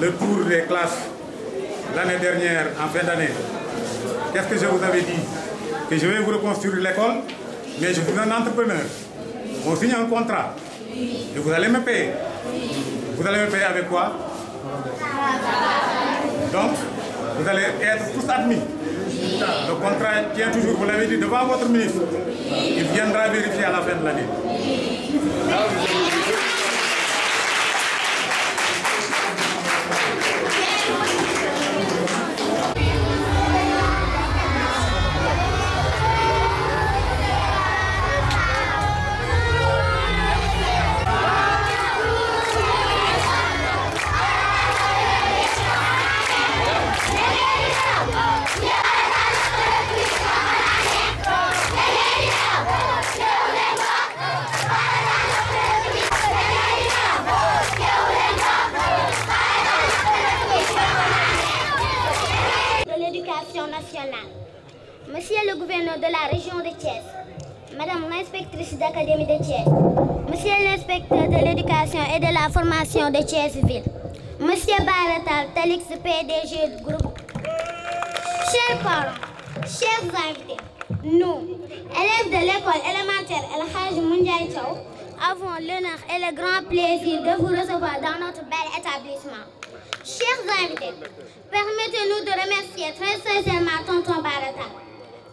le tour des classes l'année dernière, en fin d'année, qu'est-ce que je vous avais dit Que je vais vous reconstruire l'école, mais je suis un entrepreneur. On signe un contrat. Et vous allez me payer. Vous allez me payer avec quoi Donc, vous allez être tous admis. Le contrat tient toujours, vous l'avez dit, devant votre ministre. Il viendra vérifier à la fin de l'année. Monsieur le gouverneur de la région de Thiès, Madame l'inspectrice d'académie de Thiès, Monsieur l'inspecteur de l'éducation et de la formation de thiès Monsieur Baratal Talix, PDG du groupe. Chers parents, chers invités, nous, élèves de l'école élémentaire El Hadj Moundiaye Thiaw, avons l'honneur et le grand plaisir de vous recevoir dans notre bel établissement. Chers invités, permettez-nous de remercier très sincèrement Tonton Baratal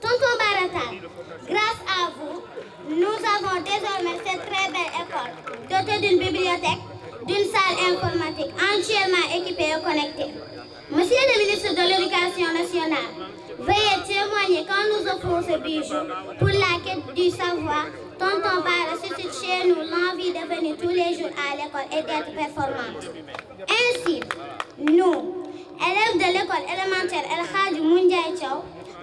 Sonko Baratal, grâce à vous, nous avons désormais cette très belle école, dotée d'une bibliothèque, d'une salle informatique entièrement équipée et connectée. Monsieur le ministre de l'Éducation nationale, veuillez témoigner quand nous offrons ce bijou pour la quête du savoir. Tonton Bara suscite chez nous l'envie de venir tous les jours à l'école et d'être performante. Ainsi, nous, élèves de l'école élémentaire El Hadji Moundiaye Thiaw,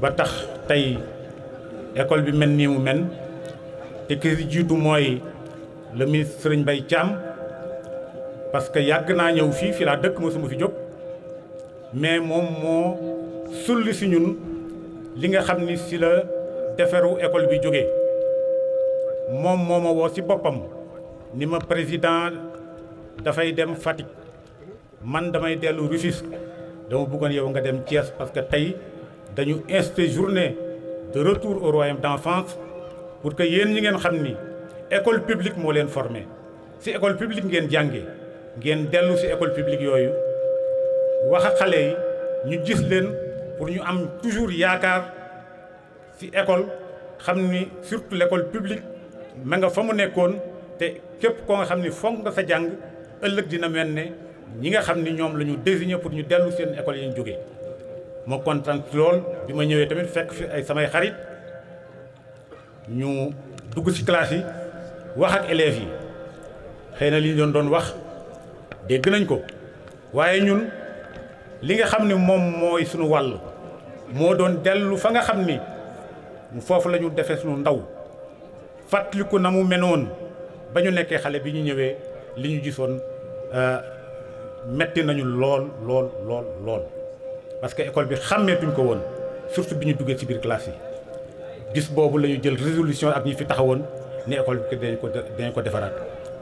ba tax tey école bi mel niiw men te ki si jiitu mooy le ministre Serigne bay Thiam parce que yàgg naa ñëw fii fi laa dëkk mosuma fi jóg mais moom moo sulli si ñun li nga xam ni si la deferu école bi jóge moom moo ma woo si boppam ni ma président dafay dem Fatick man damay dellu Rufisque dama bëggoon yow nga dem Thiès parce que tey dañu institué journée de retour au royaume d'enfance pour que yéen ñi ngeen xam ni école publique moo leen formé si école piblique ngeen jàngee ngeen dellu si école publique yooyu wax a yi ñu gis leen pour ñu am toujours yaakaar si école xam ni surtout l'école publique ma nga fa mu nekkoon te képp ko nga xam ni foog nga sa jàng ëllëg dina mel ne ñi nga xam ni ñoom la ñu désigné pour ñu dellu seen école yi jóge ma kontaan ci lool bi ma ñëwee tamit fekk fi ay samay xarit ñu dugg ci classe yi wax ak élèves yi xëy na li ñu doon doon wax dégg nañ ko waaye ñun li nga xam ne moom mooy sunu wàll moo doon dellu fa nga xam ni mu foofu la ñu defee suñu ndaw fàttaliku na mu menoon ba ñu nekkee xale bi ñu ñëwee li ñu gisoon euh, metti nañu lool lool lool lool parce que école bi xàmmeetuñ ko woon surtout bi ñu duggee ci biir classe yi gis boobu la ñu jël résolution ak ñu fi taxawoon ne école bi dañ ko dañ ko defaraat.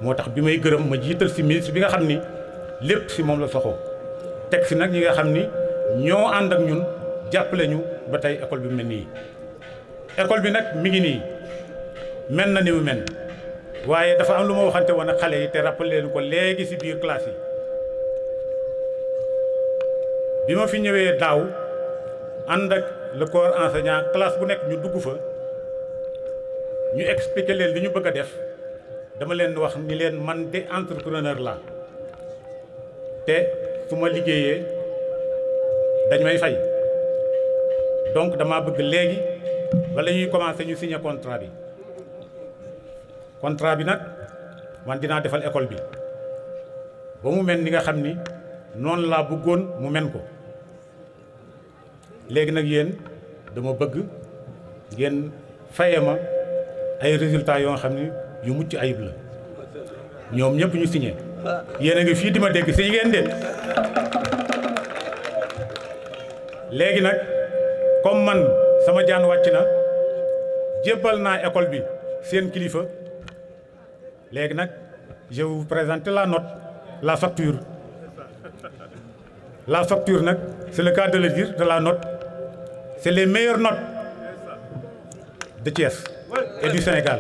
moo tax bi may gërëm ma jiital si ministre bi nga xam ni lépp si moom la soxoo teg si nag ñi nga xam ni ñoo ànd ak ñun jàppale ñu ba tey école bi mel nii. école bi nag mi ngi nii men na ni mu mel waaye dafa am lu ma waxante woon ak xale yi te rappelé leen ko léegi si biir classe yi. bi ma fi ñëwee daaw ànd ak le corps enseignant classe bu nekk ñu dugg fa ñu expliquer leen li ñu bëgg a def dama leen wax ni leen man de entrepreneur la te su ma liggéeyee dañ may fay donc dama bëgg léegi bala ñuy commencer ñu signer contrat bi contrat bi nag man dinaa defal école bi ba mu mel ni nga xam ni noonu laa bëggoon mu men ko léegi nag yéen dama bëgg ngeen faye ma ay résultats yoo xam ni yu mucc ayib la ñoom ñëpp ñu signé yéen a ngi fii di ma dégg si ngeen déet léegi nag comme man sama jaan wàcc na jébbal naa école bi seen kilifa léegi nag je vous présente la not laa facture la facture nag c'est le cas de la note c'est les meilleures notes de Thiès et Sénégal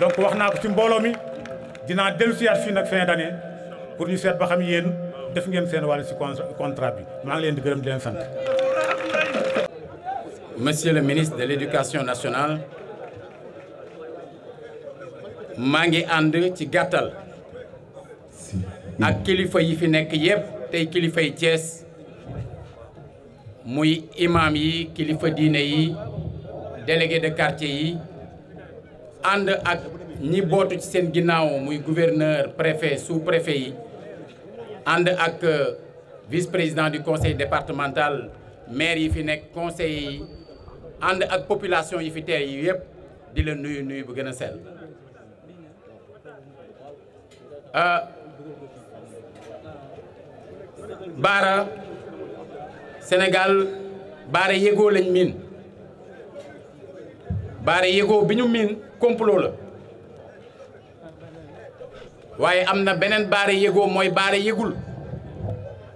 donc wax naa ko ci mbooloo mi dinaa dellu siyaat fii nag fin d'année pour ñu seet ba xam yéen def ngeen seen wàll ci contrat bi maa ngi leen di gërëm di leen sant. Monsieur le ministre de l'Éducation nationale maa ngi ànd ci gàttal ak kilifa yi fi nekk yépp tey kilifa yi Thiès. muy imam yi kilifa diine yi délégué de quartier yi ànd ak ñi bootu ci seen ginnaaw muy gouverneur préfet sous préfet yi ànd ak euh, vice-président du conseil départemental maire yi fi nekk conseil yi ànd ak population yi fi teer yi yëpp di la nuyu nuyu bu gën a sell euh, Baara Sénégal baare yégoo lañ miin baare yégoo bi ñu miin complot la waaye am na beneen baare yégoo mooy baare yégul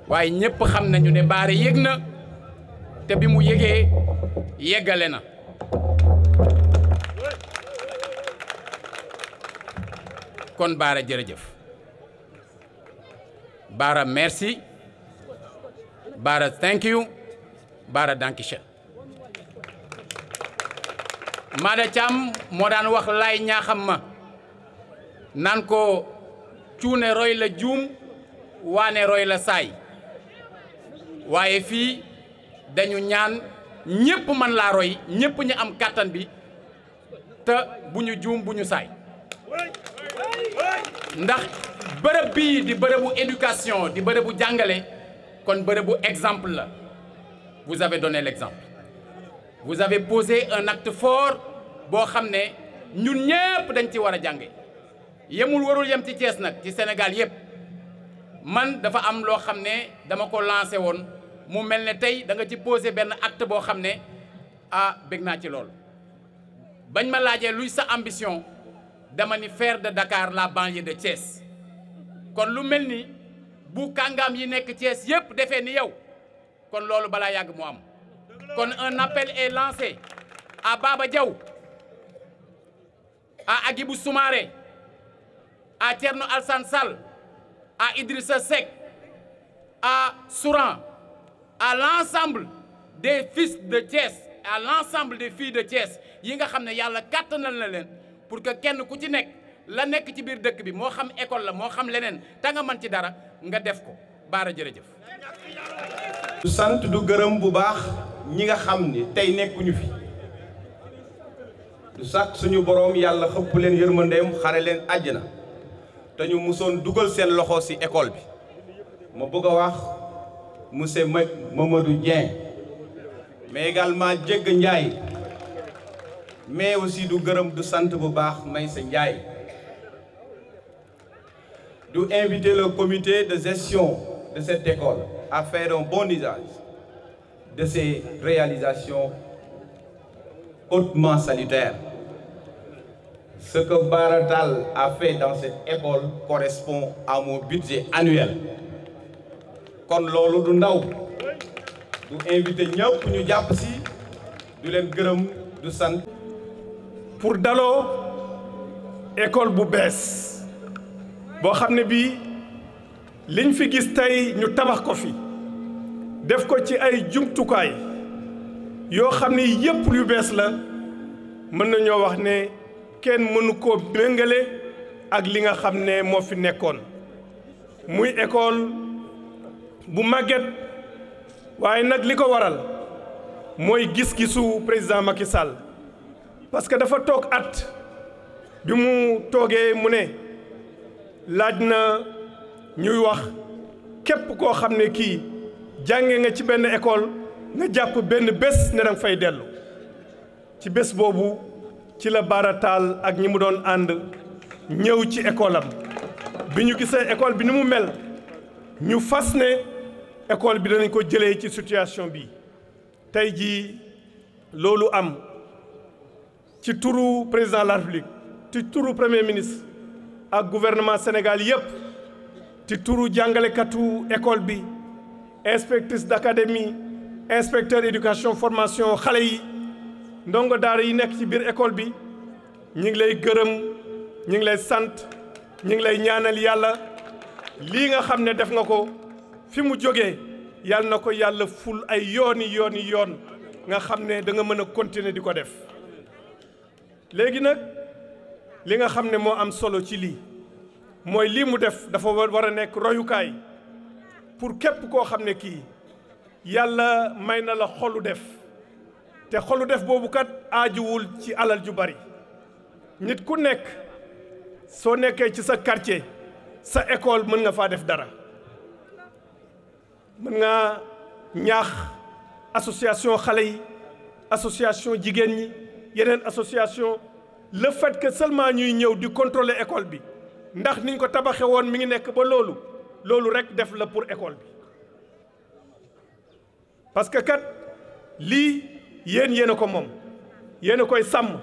waaye ñépp xam nañu ne baare yég na te bi mu yégee yeggale na kon baara jërëjëf baara merci Bara thank you moo daan wax laay ñaaxam ma naan ko cuune roy la juum waane roy la saay waaye fii dañu ñaan ñépp man laa roy ñépp ñu am kàttan bi te bu ñu juum bu ñu saay ndax bërëb bii di bërëbu éducation di bu jàngale kon bërëbu exemple la vous avez donné l'exemple vous avez posé un acte fort boo xam ne ñun ñëpp dañ ci war a jànge yemul warul yem ci Thiès nag ci senegal yëpp man dafa am loo xam ne dama ko lancé woon mu mel ne tey da nga ci posé benn acte boo xam ne ah bég naa ci lool bañ ma laajee luy sa ambition dama ni faire de Dakar la banlieue de Thiès kon lu mel ni bu kàngaam yi nekk Thiès yépp defee ni yow kon loolu balaa yàgg mu am kon un appel est lancé à Baba Diaw à Agibou Soumaré à Thierno Alsan Sall à Idrissa Seck à Souran à l'ensemble des fils de Thiès à l'ensemble des filles de Thiès yi nga xam ne yàlla kàttanal na leen pour que kenn ku ci nekk la nekk ci biir dëkk bi moo xam école la moo xam leneen ta nga mën ci dara nga def ko baara jërëjëf. du sant du gërëm bu baax ñi nga xam ni tey nekkuñu fi du sàkk suñu boroom yàlla xëpp leen yërmandeem xare leen àjjana te ñu musoon dugal seen loxo si école bi ma bëgg a wax monsieur Mamadou Dieng mais également Jégg Ndiaye mais aussi du gërëm du sant bu baax may sa Ndiaye. nous inviter la comité de gestion de cette école à faire un bon usage de ces réalisations hautement salutaires. Ce que Baratal a fait dans cette école correspond à mon budget annuel. kon loolu du ndaw du invité ñëpp ñu jàpp si du leen gërëm du sant. pour daloo école bu bees. boo xam ne bii liñ fi gis tey ñu tabax ko fi def ko ci ay jumtukaay yoo xam ne yépp yu bees la mën nañoo wax ne kenn mënu koo méngale ak li nga xam ne moo fi nekkoon muy école bu màgget waaye nag li ko waral mooy gis-gisu président Macky Sall parce que dafa toog at bi mu toogee mu ne laaj na ñuy wax képp koo xam ne kii jànge nga ci benn école nga jàpp benn bés ne fay dellu ci bés boobu ci la baarataal ak ñi mu doon ànd ñëw ci école am bi ñu gisee école bi nu mu mel ñu fas ne école bi danañ ko jëlee ci situation bi tey jii loolu am ci turu président la République ci turu premier ministre ak gouvernement Sénégal yépp ci turu katu école bi inspectrice d'académie inspecteur éducation formation xale yi ndongo daar yi nekk ci biir école bi ñi ngi lay gërëm ñi ngi lay sant ñi ngi lay ñaanal yàlla lii nga xam ne def nga ko fi mu jógee yàlla na ko yàlla ful ay yooni yooni yoon nga xam ne da nga mën a continuer di ko def léegi nag li nga xam ne moo am solo ci lii mooy lii mu def dafa war a nekk royukaay pour képp koo xam ne kii yàlla may na la xolu def te xolu def boobu kat aajuwul ci alal ju bari nit ku nekk soo nekkee ci sa quartier sa école mën nga faa def dara mën nga ñaax association xale yi association jigéen ñi yeneen association le fait que seulement ñuy ñëw di contrôler école bi ndax niñ ko tabaxee woon mi ngi nekk ba loolu loolu rek def la pour école bi parce que kat lii yéen yéen ko moom yéen a koy sàmm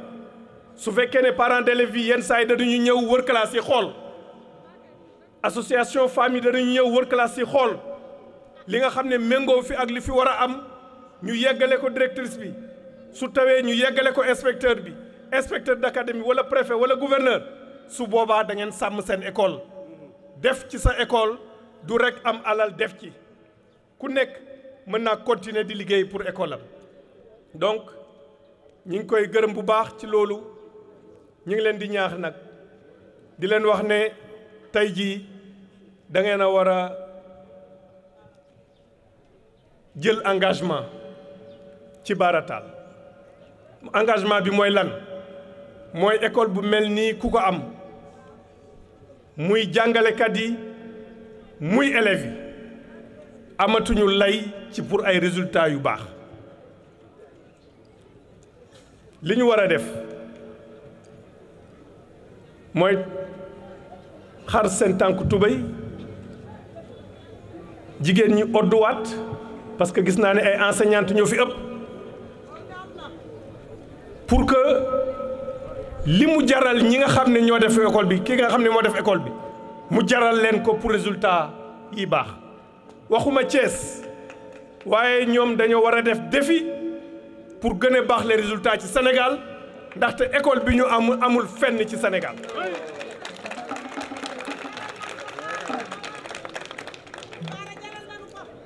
su fekkee ne parents d'élèves yi yenn saa yi dañuy ñëw wër classe yi xool association famille dañuy ñëw wër classe yi xool li nga xam ne méngoo fi ak li fi war a am ñu yeggale ko directrice bi su tawee ñu yeggale ko inspecteur bi inspecteur d'académie wala préfet wala gouverneur su boobaa dangeen sàmm seen école def ci sa école du rek am alal def ci ku nekk mën naa continuer di liggéey pour école am donc ñi ngi koy gërëm bu baax ci loolu ñu ngi leen di ñaax nag di leen wax ne tey jii da ngeen a war a jël engagement ci baarataal engagement bi mooy lan mooy école bu mel nii ku ko am muy jàngalekat yi muy élèves yi amatuñu lay ci pour ay résultats yu baax li ñu war a def mooy xar seen tànk tubéy jigéen ñi odduwaat parce que gis naa ne ay enseignantes ñoo fi ëpp pour que li mu jaral ñi nga xam ne ñoo def école bi ki nga xam ne moo def école bi mu jaral leen ko pour résultat yi baax waxuma Thiès waaye ñoom dañoo war a def défi pour gën a baax les résultats ci Sénégal ndaxte école bi ñu am amul fenn ci Sénégal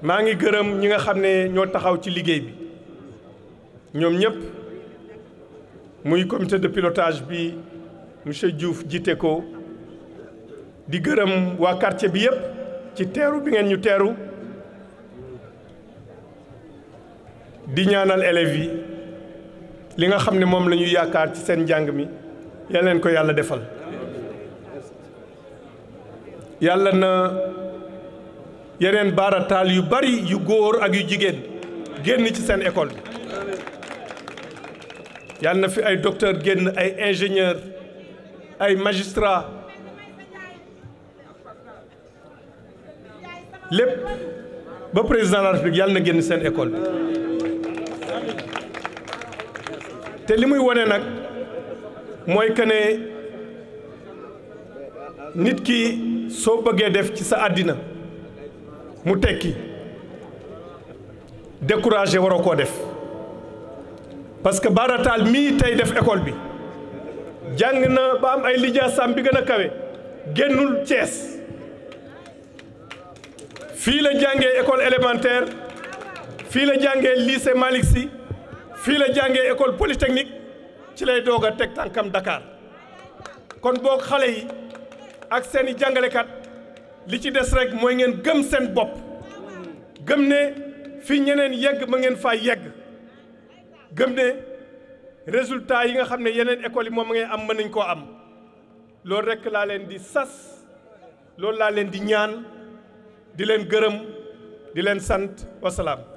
maa ngi gërëm ñi nga xam ne ñoo taxaw ci liggéey bi ñoom ñëpp muy comité de pilotage bi monsieur Diouf jiite ko di gërëm waa quartier bi yëpp ci teeru bi ngeen ñu teeru di ñaanal élèves yi li nga xam ne moom la yaakaar ci seen njàng mi yal ko yàlla defal yàlla na yeneen baarataal yu bari yu góor ak yu jigéen génn ci seen école bi yàlla na fi ay docteur génn ay ingénieur ay magistrat lépp ba président de la na génn seen école te li muy wone nag mooy que ne nit ki soo bëggee def ci sa àddina mu tekki découragé waroo koo def parce que Baratal mii tey def école bi jàng na ba am ay lijaasam bi gën a kawe génnul Thiès fii la jàngee école élémentaire fii la jàngee lycée Malick Sy fii la jàngee école polytechnique ci lay doog a teg tànkam Dakar kon boog xale yi ak seen i jàngalekat li ci des rek mooy ngeen gëm seen bopp gëm ne fii ñeneen yegg ma ngeen faa yegg gëm ne résultat yi nga xam ne yeneen écoles yi moom ngay am mën nañ koo am loolu rekk laa leen di sas loolu laa leen di ñaan di leen gërëm di leen sant wasalaam